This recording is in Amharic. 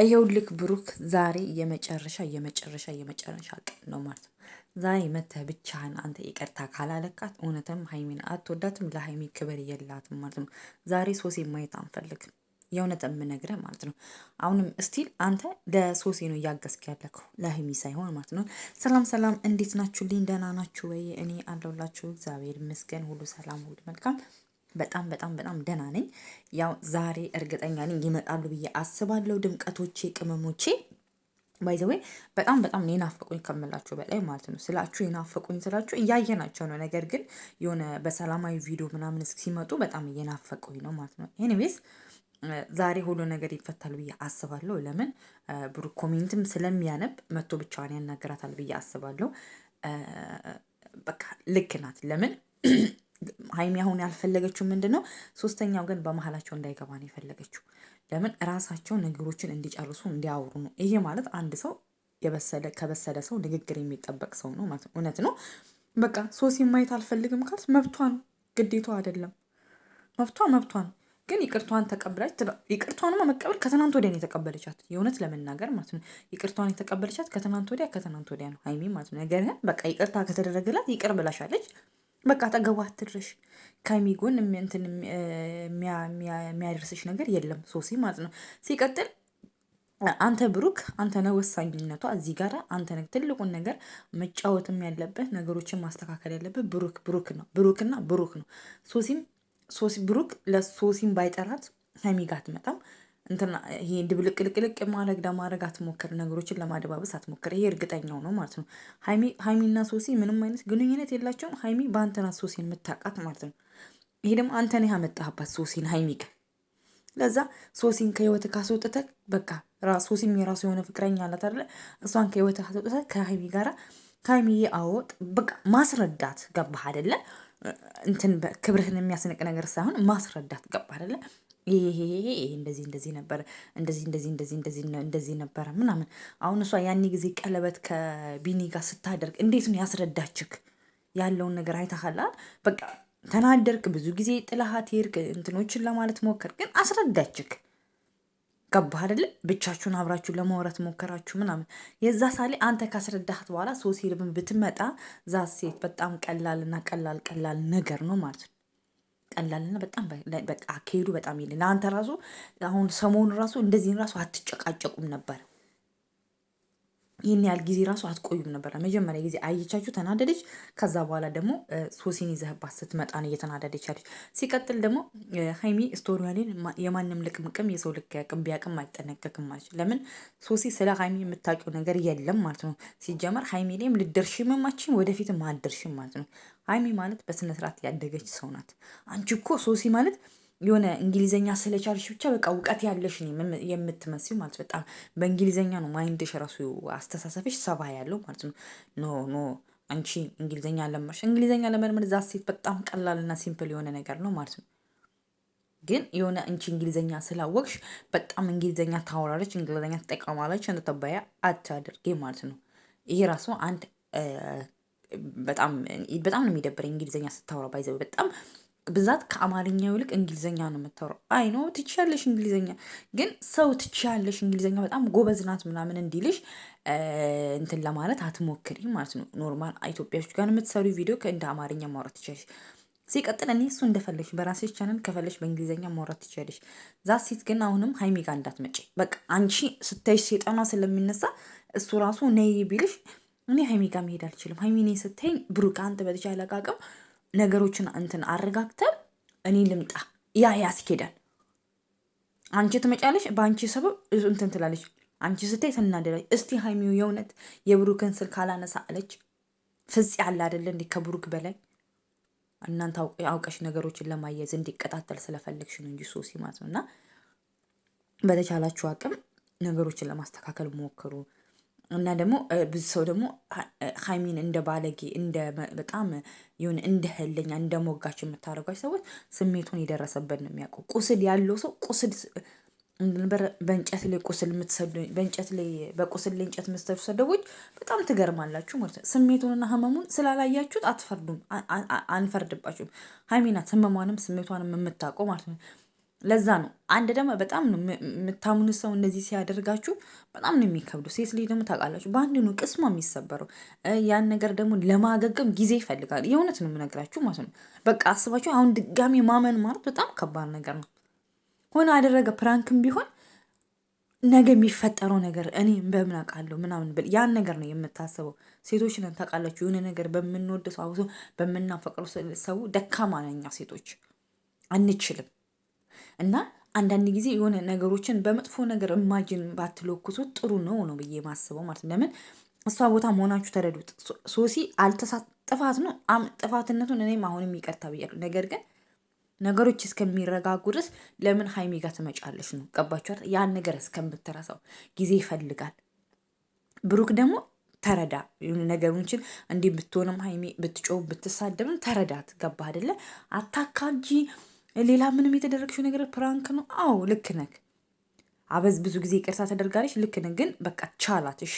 ይሄው ልክ ብሩክ ዛሬ የመጨረሻ የመጨረሻ የመጨረሻ ቀን ነው ማለት ነው። ዛሬ መተህ ብቻህን አንተ ይቅርታ ካላለካት እውነትም ሀይሚን አትወዳትም፣ ለሀይሚ ክብር የላትም ማለት ነው። ዛሬ ሶሴ ማየት አንፈልግም፣ የእውነት የምነግረህ ማለት ነው። አሁንም እስቲል አንተ ለሶሴ ነው እያገዝክ ያለከው ለሀይሚ ሳይሆን ማለት ነው። ሰላም ሰላም፣ እንዴት ናችሁ? ልኝ ደህና ናችሁ ወይ? እኔ አለሁላችሁ፣ እግዚአብሔር ይመስገን፣ ሁሉ ሰላም፣ ሁሉ መልካም በጣም በጣም በጣም ደህና ነኝ። ያው ዛሬ እርግጠኛ ነኝ ይመጣሉ ብዬ አስባለሁ ድምቀቶቼ፣ ቅመሞቼ ባይዘዌ በጣም በጣም ነው የናፈቁኝ ከምላችሁ በላይ ማለት ነው ስላችሁ የናፈቁኝ ስላችሁ እያየናቸው ነው። ነገር ግን የሆነ በሰላማዊ ቪዲዮ ምናምን ሲመጡ በጣም እየናፈቁኝ ነው ማለት ነው። ኤኒዌይስ ዛሬ ሁሉ ነገር ይፈታል ብዬ አስባለሁ። ለምን ብሩ ኮሜንትም ስለሚያነብ መቶ ብቻዋን ያናገራታል ብዬ አስባለሁ። በቃ ልክ ናት። ለምን ሀይሚ አሁን ያልፈለገችው ምንድን ነው? ሶስተኛው ግን በመሀላቸው እንዳይገባ ነው የፈለገችው። ለምን ራሳቸው ነገሮችን እንዲጨርሱ እንዲያወሩ ነው። ይሄ ማለት አንድ ሰው የበሰለ ከበሰለ ሰው ንግግር የሚጠበቅ ሰው ነው ማለት ነው። እውነት ነው። በቃ ሶሲ ማየት አልፈልግም ካልስ መብቷ ነው፣ ግዴቷ አይደለም። መብቷ መብቷ ነው። ግን ይቅርቷን ተቀብላች። ይቅርቷንማ መቀበል ከትናንት ወዲያ ነው የተቀበለቻት፣ የእውነት ለመናገር ማለት ነው። ይቅርቷን የተቀበለቻት ከትናንት ወዲያ ከትናንት ወዲያ ነው ሀይሚ ማለት ነው። ነገር ግን በቃ ይቅርታ ከተደረገላት ይቅር ብላሻለች። በቃ አጠገቧ አትድረሽ። ከሚጎን እንትን የሚያደርስሽ ነገር የለም ሶሲ ማለት ነው። ሲቀጥል አንተ ብሩክ አንተ ነህ ወሳኝነቷ እዚህ ጋር አንተ ነህ ትልቁን ነገር መጫወትም ያለበት ነገሮችን ማስተካከል ያለበት ብሩክ ብሩክ ነው ብሩክና ብሩክ ነው። ሶሲም ሶሲ ብሩክ ለሶሲም ባይጠራት ከሚ ጋር አትመጣም። እንትና ይሄ ድብልቅልቅልቅ ማድረግ ለማድረግ አትሞክር፣ ነገሮችን ለማደባበስ አትሞክር። ይሄ እርግጠኛው ነው ማለት ነው። ሀይሚ ሀይሚና ሶሲ ምንም አይነት ግንኙነት የላቸውም። ሀይሚ በአንተ ሶሲን ሶሲ የምታውቃት ማለት ነው። ይሄ ደግሞ አንተን ነህ ያመጣህባት ሶሲን ሀይሚ ጋር። ለዛ ሶሲን ከህይወት ካስወጥተህ በቃ ሶሲም የራሱ የሆነ ፍቅረኛ አላት አይደለ? እሷን ከህይወት ካስወጥተህ ከሀይሚ ጋራ ከሀይሚ አወጥ በቃ ማስረዳት ገባህ አይደለ? እንትን ክብርህን የሚያስንቅ ነገር ሳይሆን ማስረዳት ገባህ አይደለ? ይሄ እንደዚህ እንደዚህ ነበረ እንደዚህ እንደዚህ እንደዚህ እንደዚህ እንደዚህ ነበረ ምናምን። አሁን እሷ ያኔ ጊዜ ቀለበት ከቢኒ ጋር ስታደርግ እንዴት ነው ያስረዳችክ? ያለውን ነገር አይተሃል። በቃ ተናደርክ፣ ብዙ ጊዜ ጥላሃት ሄድክ፣ እንትኖችን ለማለት ሞከር፣ ግን አስረዳችክ። ገባህ አይደለ? ብቻችሁን አብራችሁ ለማውራት ሞከራችሁ ምናምን። የዛ ሳሌ አንተ ካስረዳሃት በኋላ ሶስት ሄድብን ብትመጣ ዛ ሴት በጣም ቀላልና ቀላል ቀላል ነገር ነው ማለት ነው ቀላልና በጣም በቃ አካሄዱ በጣም ይል ለአንተ ራሱ አሁን ሰሞኑ ራሱ እንደዚህን ራሱ አትጨቃጨቁም ነበር ይህን ያህል ጊዜ ራሱ አትቆዩም ነበረ። መጀመሪያ ጊዜ አየቻችሁ ተናደደች። ከዛ በኋላ ደግሞ ሶሲን ይዘህባት ስትመጣ ነው እየተናደደች ያለች። ሲቀጥል ደግሞ ሀይሚ ስቶሪዋሌን የማንም ልቅምቅም የሰው ልክ ያቅም ቢያቅም አይጠነቀቅም ማለች። ለምን ሶሲ ስለ ሀይሚ የምታውቂው ነገር የለም ማለት ነው። ሲጀመር ሀይሚ ላይም ልደርሽምማችን ወደፊትም አደርሽም ማለት ነው። ሀይሚ ማለት በስነስርዓት ያደገች ሰው ናት። አንቺ እኮ ሶሲ ማለት የሆነ እንግሊዘኛ ስለቻልሽ ብቻ በቃ እውቀት ያለሽ የምትመስል ማለት በጣም በእንግሊዘኛ ነው ማይንድሽ ራሱ አስተሳሰብሽ ሰባ ያለው ማለት ነው። ኖ ኖ አንቺ እንግሊዘኛ ለመድሽ እንግሊዘኛ ለመልመድ ዛ ሴት በጣም ቀላልና ሲምፕል የሆነ ነገር ነው ማለት ነው። ግን የሆነ አንቺ እንግሊዘኛ ስላወቅሽ በጣም እንግሊዘኛ ታወራለች፣ እንግሊዘኛ ትጠቀማለች እንደተባያ አታድርጌ ማለት ነው። ይሄ ራሱ አንድ በጣም በጣም ነው የሚደብረኝ እንግሊዘኛ ስታወራ ባይዘ በጣም ብዛት ከአማርኛው ይልቅ እንግሊዝኛ ነው የምታወራው። አይ ነው ትችያለሽ እንግሊዝኛ፣ ግን ሰው ትችያለሽ እንግሊዝኛ በጣም ጎበዝ ናት ምናምን እንዲልሽ እንትን ለማለት አትሞክሪ ማለት ነው። ኖርማል ኢትዮጵያዎች ጋር የምትሰሩ ቪዲዮ እንደ አማርኛ ማውራት ትችያለሽ። ሲቀጥል እኔ እሱ እንደፈለሽ በራሴ ቻናል ከፈለሽ በእንግሊዝኛ ማውራት ትችያለሽ። ዛት ሴት ግን አሁንም ሀይሚ ጋር እንዳትመጪ። በቃ አንቺ ስታይሽ ሴጠኗ ስለሚነሳ እሱ ራሱ ነይ ቢልሽ እኔ ሀይሚ ጋር መሄድ አልችልም። ሀይሚ እኔ ስትይኝ ብሩክ አንተ በተቻለ አቃቅም ነገሮችን እንትን አረጋግተን እኔ ልምጣ፣ ያ ያስኬዳል። አንቺ ትመጫለሽ፣ በአንቺ ሰበብ እንትን ትላለች። አንቺ ስታይ ትናደዳለች። እስቲ ሀይሚው የእውነት የብሩክን ስልክ አላነሳ አለች። ፍጽ ያለ አደለ እንዲ ከብሩክ በላይ እናንተ አውቀሽ ነገሮችን ለማያዝ እንዲቀጣጠል ስለፈለግሽ ነው እንጂ ሶሲ ማለት ነው። እና በተቻላችሁ አቅም ነገሮችን ለማስተካከል ሞክሩ። እና ደግሞ ብዙ ሰው ደግሞ ሀይሚን እንደ ባለጌ እንደ በጣም የሆነ እንደ ህልኛ እንደ ሞጋች የምታደርጓች ሰዎች ስሜቱን የደረሰበት ነው የሚያውቀው። ቁስል ያለው ሰው ቁስል ነበረ በእንጨት ላይ ቁስል የምትሰዱ በእንጨት ላይ በቁስል ላይ እንጨት የምትሰዱ ሰደቦች በጣም ትገርማላችሁ ማለት ነው። ስሜቱንና ህመሙን ስላላያችሁት አትፈርዱም፣ አንፈርድባችሁም። ሀይሚናት ህመሟንም ስሜቷንም የምታውቀው ማለት ነው። ለዛ ነው አንድ ደግሞ በጣም ነው የምታምኑት ሰው እንደዚህ ሲያደርጋችሁ በጣም ነው የሚከብዱ። ሴት ልጅ ደግሞ ታውቃላችሁ በአንድ ነው ቅስሟ የሚሰበረው። ያን ነገር ደግሞ ለማገገም ጊዜ ይፈልጋል። የእውነት ነው የምነግራችሁ ማለት ነው። በቃ አስባችሁ አሁን ድጋሚ ማመን ማለት በጣም ከባድ ነገር ነው። ሆነ አደረገ ፕራንክም ቢሆን ነገ የሚፈጠረው ነገር እኔ በምን አውቃለሁ ምናምን ብል ያን ነገር ነው የምታስበው። ሴቶች ነን ታውቃላችሁ። የሆነ ነገር በምንወድ ሰው አብሶ በምናፈቅረው ሰው ደካማ ነኛ ሴቶች አንችልም። እና አንዳንድ ጊዜ የሆነ ነገሮችን በመጥፎ ነገር ኢማጅን ባትለኩሱት ጥሩ ነው ነው ብዬ ማስበው ማለት ለምን እሷ ቦታ መሆናችሁ ተረዱት። ሶሲ አልተሳ ጥፋት ነው ጥፋትነቱን እኔም አሁንም ይቅርታ ብያለሁ። ነገር ግን ነገሮች እስከሚረጋጉ ድረስ ለምን ሀይሜ ጋር ትመጫለች ነው ገባችኋል? ያን ነገር እስከምትረሳው ጊዜ ይፈልጋል። ብሩክ ደግሞ ተረዳ ነገሮችን እንዲህ ብትሆንም ሀይሜ ብትጮው ብትሳደብም ተረዳት። ገባህ አደለ አታካጂ ሌላ ምንም የተደረግሽው ነገር ፕራንክ ነው። አዎ ልክ ነህ። አበዝ ብዙ ጊዜ ይቅርታ ተደርጋለች። ልክ ነህ። ግን በቃ ቻላት። እሺ